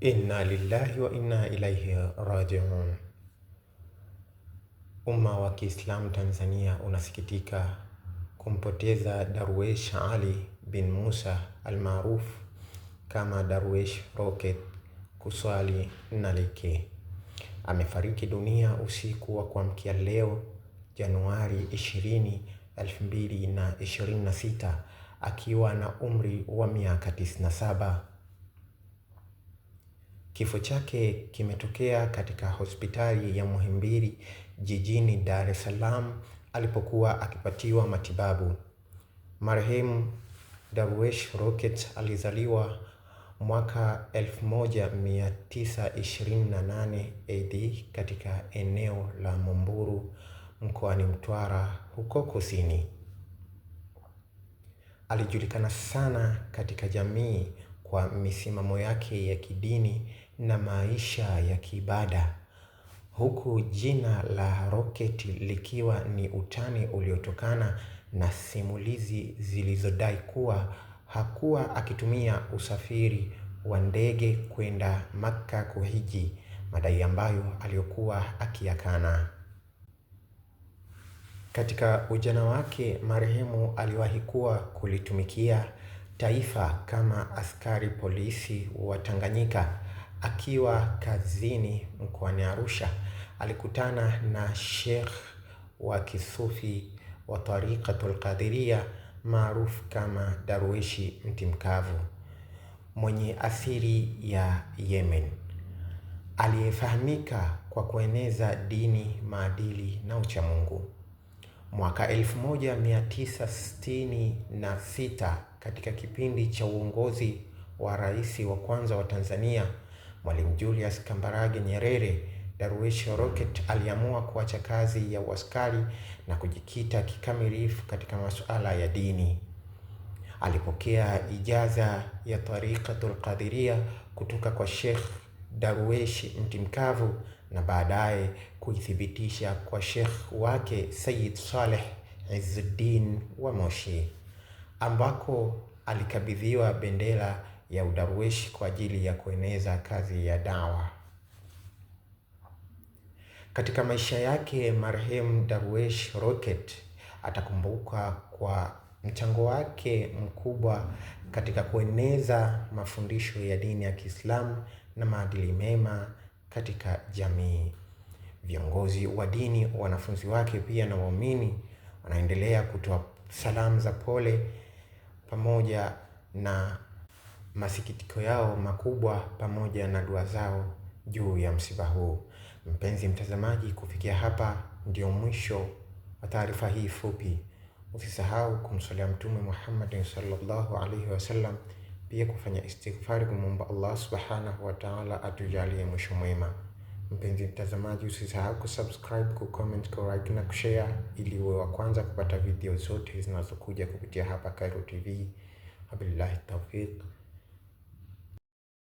Inna lillahi wa inna ilaihi rajiun. Umma wa Kiislamu Tanzania unasikitika kumpoteza Darwesh Ali bin Musa almaruf kama Darwesh Rocket Kuswali Nalike. Amefariki dunia usiku wa kuamkia leo Januari 20, 2026 akiwa na umri wa miaka 97 Kifo chake kimetokea katika hospitali ya Muhimbili jijini Dar es Salaam alipokuwa akipatiwa matibabu. Marehemu Darwesh Rocket alizaliwa mwaka 1928 AD katika eneo la Mumburu mkoani Mtwara huko Kusini. Alijulikana sana katika jamii kwa misimamo yake ya kidini na maisha ya kiibada huku jina la roketi likiwa ni utani uliotokana na simulizi zilizodai kuwa hakuwa akitumia usafiri wa ndege kwenda Makka kuhiji, madai ambayo aliyokuwa akiyakana. Katika ujana wake marehemu aliwahi kuwa kulitumikia taifa kama askari polisi wa Tanganyika akiwa kazini mkoani Arusha alikutana na Sheikh wa Kisufi wa Tariqatul Qadiria maarufu kama Darwishi Mti Mkavu mwenye asili ya Yemen aliyefahamika kwa kueneza dini, maadili na uchamungu. Mwaka 1966 katika kipindi cha uongozi wa rais wa kwanza wa Tanzania Mwalimu Julius Kambarage Nyerere, Darwish Rocket aliamua kuacha kazi ya uaskari na kujikita kikamilifu katika masuala ya dini. Alipokea ijaza ya Tariqatul Qadiria kutoka kwa Sheikh Darwish Mtimkavu na baadaye kuithibitisha kwa Sheikh wake Sayyid Saleh Izzuddin wa Moshi ambako alikabidhiwa bendera ya udarweshi kwa ajili ya kueneza kazi ya dawa. Katika maisha yake marehemu Darwesh Rocket atakumbuka kwa mchango wake mkubwa katika kueneza mafundisho ya dini ya Kiislamu na maadili mema katika jamii. Viongozi wa dini, wanafunzi wake pia na waumini wanaendelea kutoa salamu za pole pamoja na masikitiko yao makubwa pamoja na dua zao juu ya msiba huu. Mpenzi mtazamaji, kufikia hapa ndio mwisho wa taarifa hii fupi. Usisahau kumswalia Mtume Muhammad sallallahu alaihi wasallam, pia kufanya istighfari, kumwomba Allah subhanahu wa ta'ala atujalie mwisho mwema. Mpenzi mtazamaji, usisahau kusubscribe, kucomment, kulike na kushare ili uwe wa kwanza kupata video zote zinazokuja kupitia hapa Khairo TV. Wabillahi tawfiq.